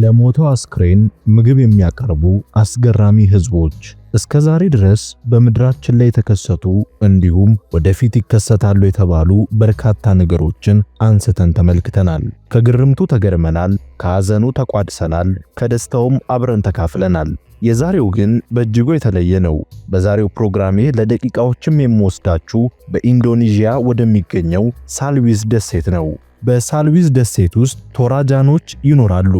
ለሞተው አስክሬን ምግብ የሚያቀርቡ አስገራሚ ህዝቦች እስከ ዛሬ ድረስ በምድራችን ላይ የተከሰቱ እንዲሁም ወደፊት ይከሰታሉ የተባሉ በርካታ ነገሮችን አንስተን ተመልክተናል። ከግርምቱ ተገርመናል፣ ከሐዘኑ ተቋድሰናል፣ ከደስታውም አብረን ተካፍለናል። የዛሬው ግን በእጅጉ የተለየ ነው። በዛሬው ፕሮግራሜ ለደቂቃዎችም የምወስዳችሁ በኢንዶኔዥያ ወደሚገኘው ሳልዊዝ ደሴት ነው። በሳልዊዝ ደሴት ውስጥ ቶራጃኖች ይኖራሉ።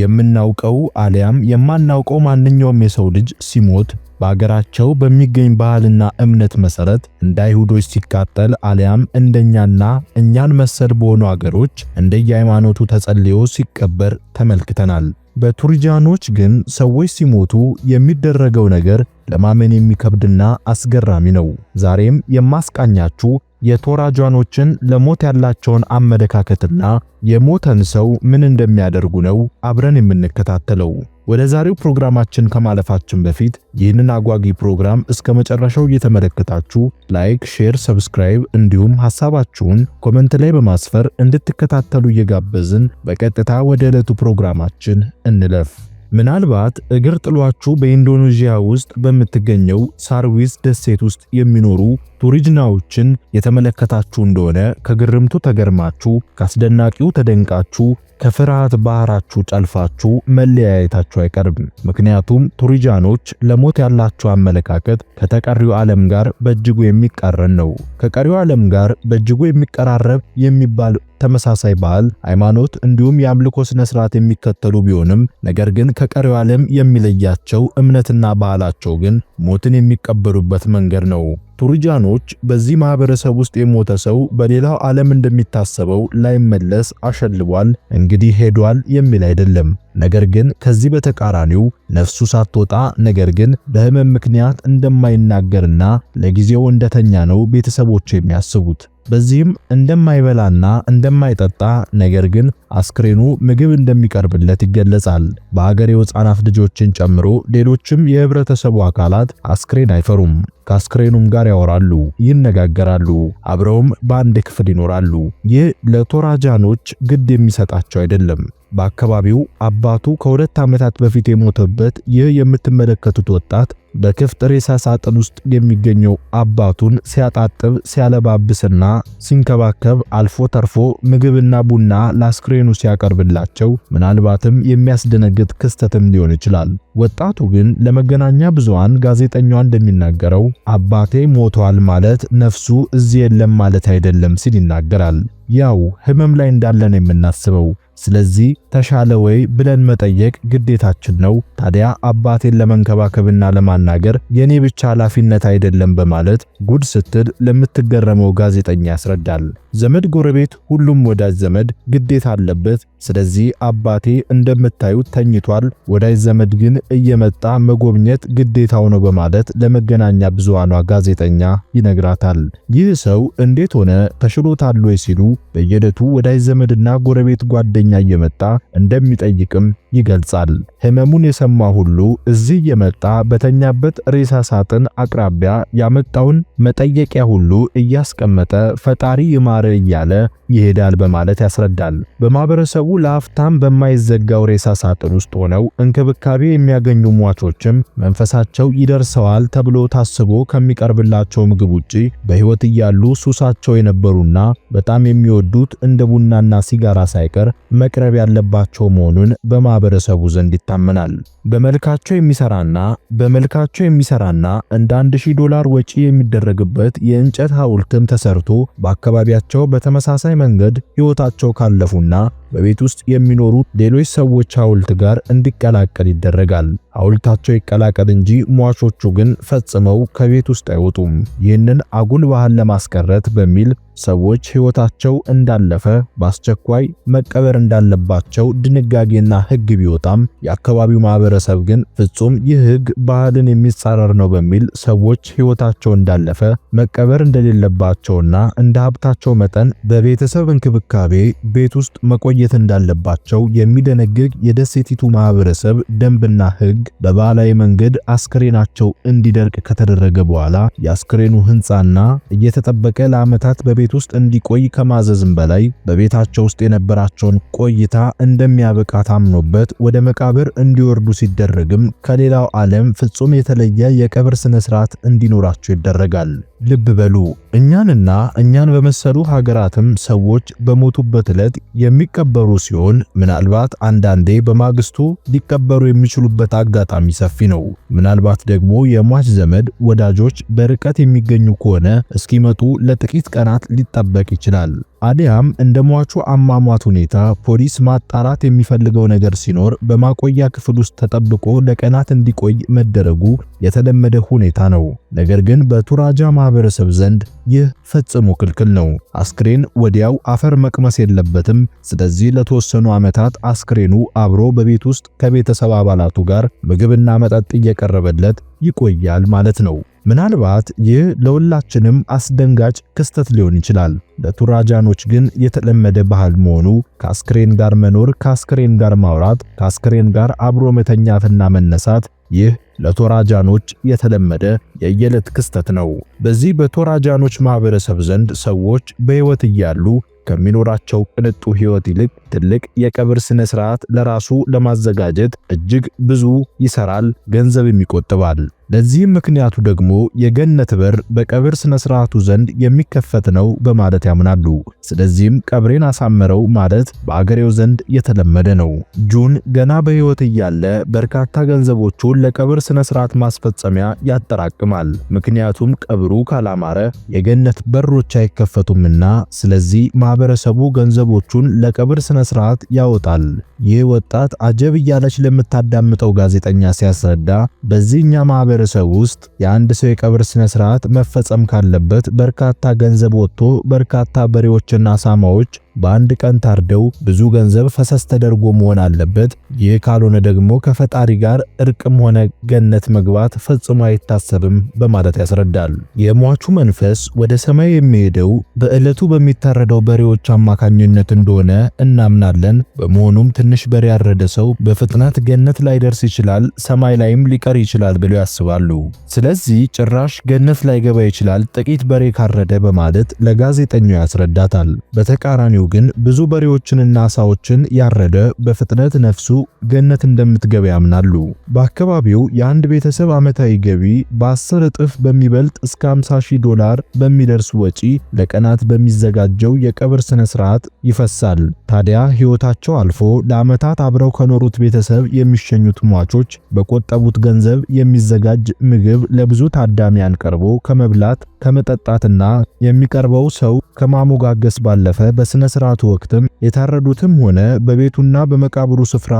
የምናውቀው አሊያም የማናውቀው ማንኛውም የሰው ልጅ ሲሞት በአገራቸው በሚገኝ ባህልና እምነት መሰረት እንደ አይሁዶች ሲቃጠል አሊያም እንደኛና እኛን መሰል በሆኑ አገሮች እንደየሃይማኖቱ ተጸልዮ ሲቀበር ተመልክተናል። በቱሪጃኖች ግን ሰዎች ሲሞቱ የሚደረገው ነገር ለማመን የሚከብድና አስገራሚ ነው። ዛሬም የማስቃኛችሁ የቶራጃኖችን ለሞት ያላቸውን አመለካከትና የሞተን ሰው ምን እንደሚያደርጉ ነው አብረን የምንከታተለው። ወደ ዛሬው ፕሮግራማችን ከማለፋችን በፊት ይህንን አጓጊ ፕሮግራም እስከ መጨረሻው እየተመለከታችሁ ላይክ፣ ሼር፣ ሰብስክራይብ እንዲሁም ሐሳባችሁን ኮመንት ላይ በማስፈር እንድትከታተሉ እየጋበዝን በቀጥታ ወደ ዕለቱ ፕሮግራማችን እንለፍ። ምናልባት እግር ጥሏችሁ በኢንዶኔዥያ ውስጥ በምትገኘው ሳርዊስ ደሴት ውስጥ የሚኖሩ ቱሪጅናዎችን የተመለከታችሁ እንደሆነ ከግርምቱ ተገርማችሁ፣ ከአስደናቂው ተደንቃችሁ ከፍርሃት ባህራችሁ ጨልፋችሁ መለያየታችሁ አይቀርም። ምክንያቱም ቱሪጃኖች ለሞት ያላቸው አመለካከት ከተቀሪው ዓለም ጋር በእጅጉ የሚቃረን ነው። ከቀሪው ዓለም ጋር በእጅጉ የሚቀራረብ የሚባል ተመሳሳይ ባህል፣ ሃይማኖት እንዲሁም የአምልኮ ስነ ስርዓት የሚከተሉ ቢሆንም ነገር ግን ከቀሪው ዓለም የሚለያቸው እምነትና ባህላቸው ግን ሞትን የሚቀበሉበት መንገድ ነው። ቱርጃኖች በዚህ ማህበረሰብ ውስጥ የሞተ ሰው በሌላው ዓለም እንደሚታሰበው ላይመለስ አሸልቧል፣ እንግዲህ ሄዷል የሚል አይደለም። ነገር ግን ከዚህ በተቃራኒው ነፍሱ ሳትወጣ ነገር ግን በህመም ምክንያት እንደማይናገርና ለጊዜው እንደተኛ ነው ቤተሰቦች የሚያስቡት። በዚህም እንደማይበላና እንደማይጠጣ ነገር ግን አስክሬኑ ምግብ እንደሚቀርብለት ይገለጻል። በአገሬው ሕፃናት ልጆችን ጨምሮ ሌሎችም የህብረተሰቡ አካላት አስክሬን አይፈሩም። ከአስክሬኑም ጋር ያወራሉ፣ ይነጋገራሉ፣ አብረውም በአንድ ክፍል ይኖራሉ። ይህ ለቶራጃኖች ግድ የሚሰጣቸው አይደለም። በአካባቢው አባቱ ከሁለት ዓመታት በፊት የሞተበት ይህ የምትመለከቱት ወጣት በክፍት ሬሳ ሳጥን ውስጥ የሚገኘው አባቱን ሲያጣጥብ ሲያለባብስና ሲንከባከብ አልፎ ተርፎ ምግብና ቡና ለአስክሬኑ ሲያቀርብላቸው ምናልባትም የሚያስደነግጥ ክስተትም ሊሆን ይችላል። ወጣቱ ግን ለመገናኛ ብዙሃን ጋዜጠኛዋ እንደሚናገረው አባቴ ሞቷል ማለት ነፍሱ እዚህ የለም ማለት አይደለም ሲል ይናገራል። ያው ህመም ላይ እንዳለ ነው የምናስበው። ስለዚህ ተሻለ ወይ ብለን መጠየቅ ግዴታችን ነው። ታዲያ አባቴን ለመንከባከብና ለማናገር የኔ ብቻ ኃላፊነት አይደለም በማለት ጉድ ስትል ለምትገረመው ጋዜጠኛ ያስረዳል። ዘመድ፣ ጎረቤት፣ ሁሉም ወዳጅ ዘመድ ግዴታ አለበት። ስለዚህ አባቴ እንደምታዩት ተኝቷል፣ ወዳጅ ዘመድ ግን እየመጣ መጎብኘት ግዴታው ነው በማለት ለመገናኛ ብዙሃኗ ጋዜጠኛ ይነግራታል። ይህ ሰው እንዴት ሆነ ተሽሎታል ወይ ሲሉ በየዕለቱ ወዳጅ ዘመድና ጎረቤት ጓደኛ በሽተኛ እየመጣ እንደሚጠይቅም ይገልጻል። ህመሙን የሰማ ሁሉ እዚህ እየመጣ በተኛበት ሬሳ ሳጥን አቅራቢያ ያመጣውን መጠየቂያ ሁሉ እያስቀመጠ ፈጣሪ ይማረ እያለ ይሄዳል በማለት ያስረዳል። በማህበረሰቡ ለአፍታም በማይዘጋው ሬሳ ሳጥን ውስጥ ሆነው እንክብካቤ የሚያገኙ ሟቾችም መንፈሳቸው ይደርሰዋል ተብሎ ታስቦ ከሚቀርብላቸው ምግብ ውጪ በህይወት እያሉ ሱሳቸው የነበሩና በጣም የሚወዱት እንደ ቡናና ሲጋራ ሳይቀር መቅረብ ያለባቸው መሆኑን በማህበረሰቡ ዘንድ ይታመናል። በመልካቸው የሚሰራና በመልካቸው የሚሰራና እንደ 1000 ዶላር ወጪ የሚደረግበት የእንጨት ሐውልትም ተሰርቶ በአካባቢያቸው በተመሳሳይ መንገድ ሕይወታቸው ካለፉና በቤት ውስጥ የሚኖሩ ሌሎች ሰዎች ሐውልት ጋር እንዲቀላቀል ይደረጋል። ሐውልታቸው ይቀላቀል እንጂ ሟቾቹ ግን ፈጽመው ከቤት ውስጥ አይወጡም። ይህንን አጉል ባህል ለማስቀረት በሚል ሰዎች ሕይወታቸው እንዳለፈ በአስቸኳይ መቀበር እንዳለባቸው ድንጋጌና ሕግ ቢወጣም የአካባቢው ማህበረ ማህበረሰብ ግን ፍጹም ይህ ህግ ባህልን የሚጻረር ነው በሚል ሰዎች ህይወታቸው እንዳለፈ መቀበር እንደሌለባቸውና እንደ ሀብታቸው መጠን በቤተሰብ እንክብካቤ ቤት ውስጥ መቆየት እንዳለባቸው የሚደነግግ የደሴቲቱ ማህበረሰብ ደንብና ህግ በባህላዊ መንገድ አስክሬናቸው እንዲደርቅ ከተደረገ በኋላ የአስክሬኑ ህንፃና እየተጠበቀ ለዓመታት በቤት ውስጥ እንዲቆይ ከማዘዝም በላይ በቤታቸው ውስጥ የነበራቸውን ቆይታ እንደሚያበቃ ታምኖበት ወደ መቃብር እንዲወርዱ ሲደረግም ከሌላው ዓለም ፍጹም የተለየ የቀብር ስነ ስርዓት እንዲኖራቸው ይደረጋል። ልብ በሉ እኛንና እኛን በመሰሉ ሀገራትም ሰዎች በሞቱበት ዕለት የሚቀበሩ ሲሆን ምናልባት አንዳንዴ በማግስቱ ሊቀበሩ የሚችሉበት አጋጣሚ ሰፊ ነው። ምናልባት ደግሞ የሟች ዘመድ ወዳጆች በርቀት የሚገኙ ከሆነ እስኪመጡ ለጥቂት ቀናት ሊጠበቅ ይችላል። አዲያም እንደ ሟቹ አሟሟት ሁኔታ ፖሊስ ማጣራት የሚፈልገው ነገር ሲኖር በማቆያ ክፍል ውስጥ ተጠብቆ ለቀናት እንዲቆይ መደረጉ የተለመደ ሁኔታ ነው። ነገር ግን በቱራጃ ማህበረሰብ ዘንድ ይህ ፈጽሞ ክልክል ነው። አስክሬን ወዲያው አፈር መቅመስ የለበትም። ስለዚህ ለተወሰኑ ዓመታት አስክሬኑ አብሮ በቤት ውስጥ ከቤተሰብ አባላቱ ጋር ምግብና መጠጥ እየቀረበለት ይቆያል ማለት ነው። ምናልባት ይህ ለሁላችንም አስደንጋጭ ክስተት ሊሆን ይችላል። ለቱራጃኖች ግን የተለመደ ባህል መሆኑ ከአስክሬን ጋር መኖር፣ ከአስክሬን ጋር ማውራት፣ ከአስክሬን ጋር አብሮ መተኛትና መነሳት ይህ ለቶራጃኖች የተለመደ የየዕለት ክስተት ነው። በዚህ በቶራጃኖች ማህበረሰብ ዘንድ ሰዎች በሕይወት እያሉ ከሚኖራቸው ቅንጡ ሕይወት ይልቅ ትልቅ የቀብር ስነ ስርዓት ለራሱ ለማዘጋጀት እጅግ ብዙ ይሰራል፣ ገንዘብም ይቆጥባል። ለዚህም ምክንያቱ ደግሞ የገነት በር በቀብር ስነ ስርዓቱ ዘንድ የሚከፈት ነው በማለት ያምናሉ። ስለዚህም ቀብሬን አሳመረው ማለት በአገሬው ዘንድ የተለመደ ነው። ጁን ገና በህይወት እያለ በርካታ ገንዘቦቹን ለቀብር ስነ ስርዓት ማስፈጸሚያ ያጠራቅማል። ምክንያቱም ቀብሩ ካላማረ የገነት በሮች አይከፈቱምና፣ ስለዚህ ማህበረሰቡ ገንዘቦቹን ለቀብር ስነ ስርዓት ያወጣል። ይህ ወጣት አጀብ እያለች ለምታዳምጠው ጋዜጠኛ ሲያስረዳ በዚህኛ ማህበረ ማህበረሰብ ውስጥ የአንድ ሰው የቀብር ስነ ስርዓት መፈጸም ካለበት በርካታ ገንዘብ ወጥቶ በርካታ በሬዎችና ሳማዎች በአንድ ቀን ታርደው ብዙ ገንዘብ ፈሰስ ተደርጎ መሆን አለበት። ይህ ካልሆነ ደግሞ ከፈጣሪ ጋር እርቅም ሆነ ገነት መግባት ፈጽሞ አይታሰብም በማለት ያስረዳል። የሟቹ መንፈስ ወደ ሰማይ የሚሄደው በዕለቱ በሚታረደው በሬዎች አማካኝነት እንደሆነ እናምናለን። በመሆኑም ትንሽ በሬ ያረደ ሰው በፍጥነት ገነት ላይ ደርስ ይችላል፣ ሰማይ ላይም ሊቀር ይችላል ብለው ያስባሉ። ስለዚህ ጭራሽ ገነት ላይ ገባ ይችላል ጥቂት በሬ ካረደ በማለት ለጋዜጠኛው ያስረዳታል። በተቃራኒው ግን ብዙ በሬዎችንና ዓሳዎችን ያረደ በፍጥነት ነፍሱ ገነት እንደምትገባ ያምናሉ። በአካባቢው የአንድ ቤተሰብ ዓመታዊ ገቢ በ10 እጥፍ በሚበልጥ እስከ 50 ሺህ ዶላር በሚደርስ ወጪ ለቀናት በሚዘጋጀው የቀብር ስነ ስርዓት ይፈሳል። ታዲያ ሕይወታቸው አልፎ ለዓመታት አብረው ከኖሩት ቤተሰብ የሚሸኙት ሟቾች በቆጠቡት ገንዘብ የሚዘጋጅ ምግብ ለብዙ ታዳሚያን ቀርቦ ከመብላት ከመጠጣትና የሚቀርበው ሰው ከማሞጋገስ ባለፈ በስነ በሥርዓቱ ወቅትም የታረዱትም ሆነ በቤቱና በመቃብሩ ስፍራ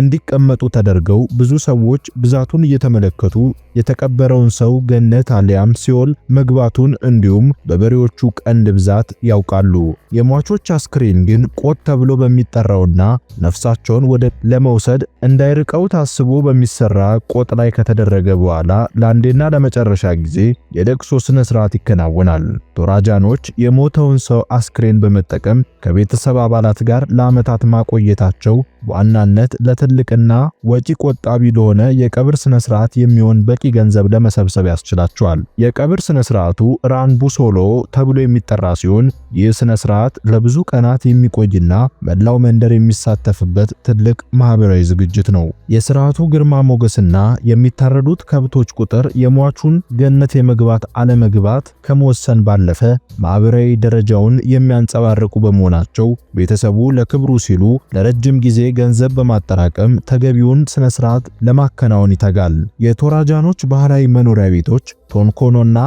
እንዲቀመጡ ተደርገው ብዙ ሰዎች ብዛቱን እየተመለከቱ የተቀበረውን ሰው ገነት አሊያም ሲኦል መግባቱን እንዲሁም በበሬዎቹ ቀንድ ብዛት ያውቃሉ። የሟቾች አስክሬን ግን ቆጥ ተብሎ በሚጠራውና ነፍሳቸውን ወደ ለመውሰድ እንዳይርቀው ታስቦ በሚሰራ ቆጥ ላይ ከተደረገ በኋላ ለአንዴና ለመጨረሻ ጊዜ የለቅሶ ስነ ስርዓት ይከናወናል። ቶራጃኖች የሞተውን ሰው አስክሬን በመጠቀም ከቤተሰብ አባላት ጋር ለዓመታት ማቆየታቸው በዋናነት ለተ ትልቅና ወጪ ቆጣቢ ለሆነ የቀብር ስነ ስርዓት የሚሆን በቂ ገንዘብ ለመሰብሰብ ያስችላቸዋል። የቀብር ስነ ስርዓቱ ራንቡሶሎ ተብሎ የሚጠራ ሲሆን ይህ ስነ ስርዓት ለብዙ ቀናት የሚቆይና መላው መንደር የሚሳተፍበት ትልቅ ማህበራዊ ዝግጅት ነው። የስርዓቱ ግርማ ሞገስና የሚታረዱት ከብቶች ቁጥር የሟቹን ገነት የመግባት አለመግባት ከመወሰን ባለፈ ማህበራዊ ደረጃውን የሚያንጸባርቁ በመሆናቸው ቤተሰቡ ለክብሩ ሲሉ ለረጅም ጊዜ ገንዘብ በማጠራቀም በመጠቀም ተገቢውን ስነ ስርዓት ለማከናወን ይተጋል። የቶራጃኖች ባህላዊ መኖሪያ ቤቶች ቶንኮኖና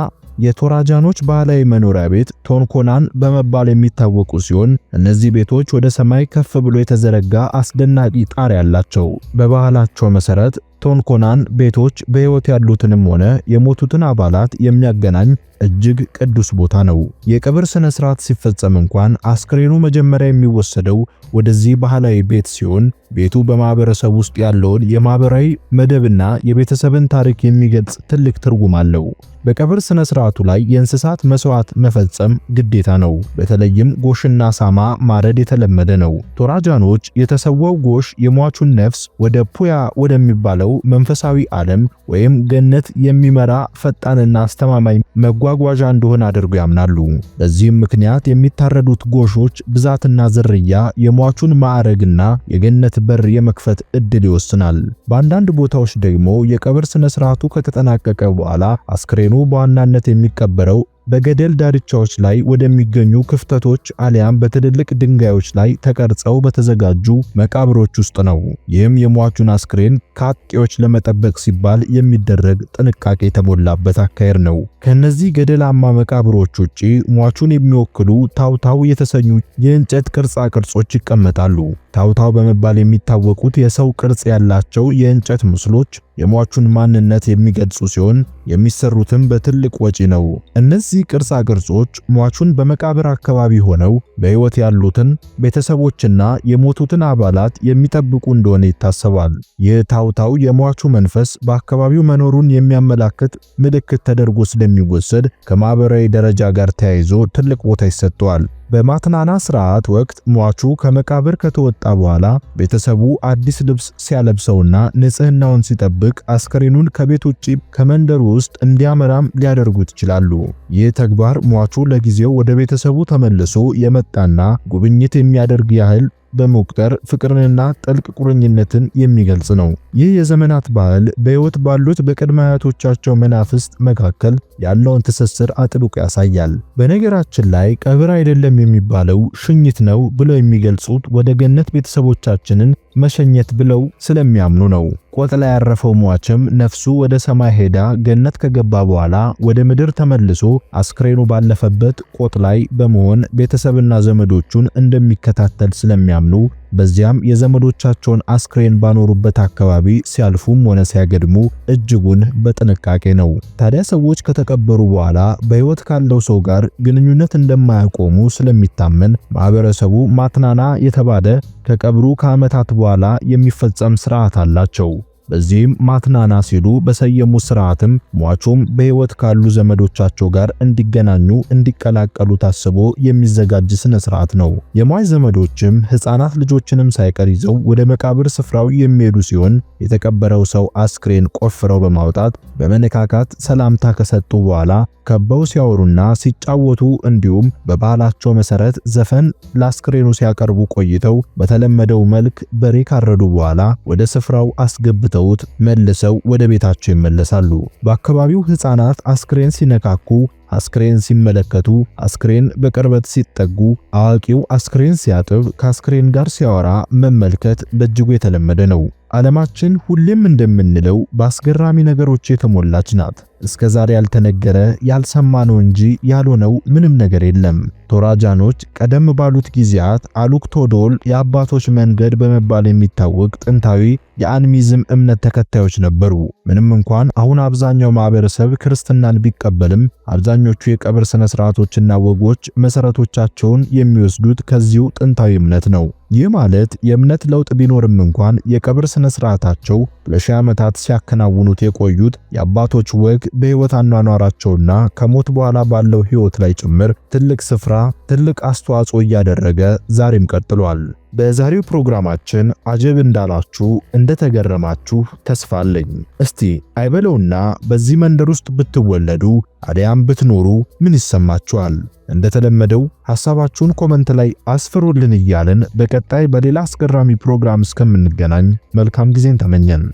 የቶራጃኖች ባህላዊ መኖሪያ ቤት ቶንኮናን በመባል የሚታወቁ ሲሆን እነዚህ ቤቶች ወደ ሰማይ ከፍ ብሎ የተዘረጋ አስደናቂ ጣሪያ ያላቸው። በባህላቸው መሰረት ቶንኮናን ቤቶች በሕይወት ያሉትንም ሆነ የሞቱትን አባላት የሚያገናኝ እጅግ ቅዱስ ቦታ ነው። የቀብር ስነ ስርዓት ሲፈጸም እንኳን አስክሬኑ መጀመሪያ የሚወሰደው ወደዚህ ባህላዊ ቤት ሲሆን ቤቱ በማህበረሰብ ውስጥ ያለውን የማህበራዊ መደብና የቤተሰብን ታሪክ የሚገልጽ ትልቅ ትርጉም አለው። በቀብር ስነ ስርዓቱ ላይ የእንስሳት መስዋዕት መፈጸም ግዴታ ነው። በተለይም ጎሽና ሳማ ማረድ የተለመደ ነው። ቶራጃኖች የተሰዋው ጎሽ የሟቹን ነፍስ ወደ ፑያ ወደሚባለው መንፈሳዊ ዓለም ወይም ገነት የሚመራ ፈጣንና አስተማማኝ መጓ መጓጓዣ እንደሆነ አድርገው ያምናሉ። በዚህም ምክንያት የሚታረዱት ጎሾች ብዛትና ዝርያ የሟቹን ማዕረግና የገነት በር የመክፈት እድል ይወስናል። በአንዳንድ ቦታዎች ደግሞ የቀብር ስነ ስርዓቱ ከተጠናቀቀ በኋላ አስክሬኑ በዋናነት የሚቀበረው በገደል ዳርቻዎች ላይ ወደሚገኙ ክፍተቶች አሊያም በትልልቅ ድንጋዮች ላይ ተቀርጸው በተዘጋጁ መቃብሮች ውስጥ ነው። ይህም የሟቹን አስክሬን ከአጥቂዎች ለመጠበቅ ሲባል የሚደረግ ጥንቃቄ የተሞላበት አካሄድ ነው። ከነዚህ ገደላማ መቃብሮች ውጪ ሟቹን የሚወክሉ ታውታው የተሰኙ የእንጨት ቅርጻ ቅርጾች ይቀመጣሉ። ታውታው በመባል የሚታወቁት የሰው ቅርጽ ያላቸው የእንጨት ምስሎች የሟቹን ማንነት የሚገልጹ ሲሆን የሚሰሩትም በትልቅ ወጪ ነው። እነዚህ ቅርጻ ቅርጾች ሟቹን በመቃብር አካባቢ ሆነው በሕይወት ያሉትን ቤተሰቦችና የሞቱትን አባላት የሚጠብቁ እንደሆነ ይታሰባል። ይህ ታውታው የሟቹ መንፈስ በአካባቢው መኖሩን የሚያመላክት ምልክት ተደርጎ ስለሚወሰድ ከማኅበራዊ ደረጃ ጋር ተያይዞ ትልቅ ቦታ ይሰጠዋል። በማትናና ስርዓት ወቅት ሟቹ ከመቃብር ከተወጣ በኋላ ቤተሰቡ አዲስ ልብስ ሲያለብሰውና ንጽህናውን ሲጠብቅ አስከሬኑን ከቤት ውጭ ከመንደሩ ውስጥ እንዲያመራም ሊያደርጉት ይችላሉ። ይህ ተግባር ሟቹ ለጊዜው ወደ ቤተሰቡ ተመልሶ የመጣና ጉብኝት የሚያደርግ ያህል በመቁጠር ፍቅርንና ጥልቅ ቁርኝነትን የሚገልጽ ነው። ይህ የዘመናት ባህል በሕይወት ባሉት በቅድመ አያቶቻቸው መናፍስት መካከል ያለውን ትስስር አጥብቆ ያሳያል። በነገራችን ላይ ቀብር አይደለም የሚባለው ሽኝት ነው ብለው የሚገልጹት ወደ ገነት ቤተሰቦቻችንን መሸኘት ብለው ስለሚያምኑ ነው። ቆጥ ላይ ያረፈው ሟችም ነፍሱ ወደ ሰማይ ሄዳ ገነት ከገባ በኋላ ወደ ምድር ተመልሶ አስክሬኑ ባለፈበት ቆጥ ላይ በመሆን ቤተሰብና ዘመዶቹን እንደሚከታተል ስለሚያምኑ በዚያም የዘመዶቻቸውን አስክሬን ባኖሩበት አካባቢ ሲያልፉም ሆነ ሲያገድሙ እጅጉን በጥንቃቄ ነው። ታዲያ ሰዎች ከተቀበሩ በኋላ በሕይወት ካለው ሰው ጋር ግንኙነት እንደማያቆሙ ስለሚታመን ማህበረሰቡ ማትናና የተባለ ከቀብሩ ከዓመታት በኋላ የሚፈጸም ስርዓት አላቸው። በዚህም ማትናና ሲሉ በሰየሙት ስርዓትም ሟቹም በህይወት ካሉ ዘመዶቻቸው ጋር እንዲገናኙ እንዲቀላቀሉ ታስቦ የሚዘጋጅ ስነ ስርዓት ነው። የሟች ዘመዶችም ህፃናት ልጆችንም ሳይቀር ይዘው ወደ መቃብር ስፍራው የሚሄዱ ሲሆን የተቀበረው ሰው አስክሬን ቆፍረው በማውጣት በመነካካት ሰላምታ ከሰጡ በኋላ ከበው ሲያወሩና ሲጫወቱ እንዲሁም በባህላቸው መሰረት ዘፈን ለአስክሬኑ ሲያቀርቡ ቆይተው በተለመደው መልክ በሬ ካረዱ በኋላ ወደ ስፍራው አስገብተውት መልሰው ወደ ቤታቸው ይመለሳሉ። በአካባቢው ህፃናት አስክሬን ሲነካኩ አስክሬን ሲመለከቱ፣ አስክሬን በቅርበት ሲጠጉ፣ አዋቂው አስክሬን ሲያጥብ፣ ከአስክሬን ጋር ሲያወራ መመልከት በእጅጉ የተለመደ ነው። ዓለማችን ሁሌም እንደምንለው በአስገራሚ ነገሮች የተሞላች ናት። እስከ ዛሬ ያልተነገረ ያልሰማነው እንጂ ያልሆነው ምንም ነገር የለም። ቶራጃኖች ቀደም ባሉት ጊዜያት አሉክቶዶል የአባቶች መንገድ በመባል የሚታወቅ ጥንታዊ የአንሚዝም እምነት ተከታዮች ነበሩ። ምንም እንኳን አሁን አብዛኛው ማህበረሰብ ክርስትናን ቢቀበልም አብዛኞቹ የቀብር ስነ ስርዓቶችና ወጎች መሰረቶቻቸውን የሚወስዱት ከዚሁ ጥንታዊ እምነት ነው። ይህ ማለት የእምነት ለውጥ ቢኖርም እንኳን የቀብር ስነ ስርዓታቸው ለሺህ ዓመታት ሲያከናውኑት የቆዩት የአባቶች ወግ በሕይወት አኗኗራቸውና ከሞት በኋላ ባለው ሕይወት ላይ ጭምር ትልቅ ስፍራ፣ ትልቅ አስተዋጽኦ እያደረገ ዛሬም ቀጥሏል። በዛሬው ፕሮግራማችን አጀብ እንዳላችሁ እንደተገረማችሁ ተስፋ አለኝ። እስቲ አይበለውና በዚህ መንደር ውስጥ ብትወለዱ አዲያም ብትኖሩ ምን ይሰማችኋል? እንደተለመደው ሐሳባችሁን ኮመንት ላይ አስፍሩልን እያልን በቀጣይ በሌላ አስገራሚ ፕሮግራም እስከምንገናኝ መልካም ጊዜን ተመኘን።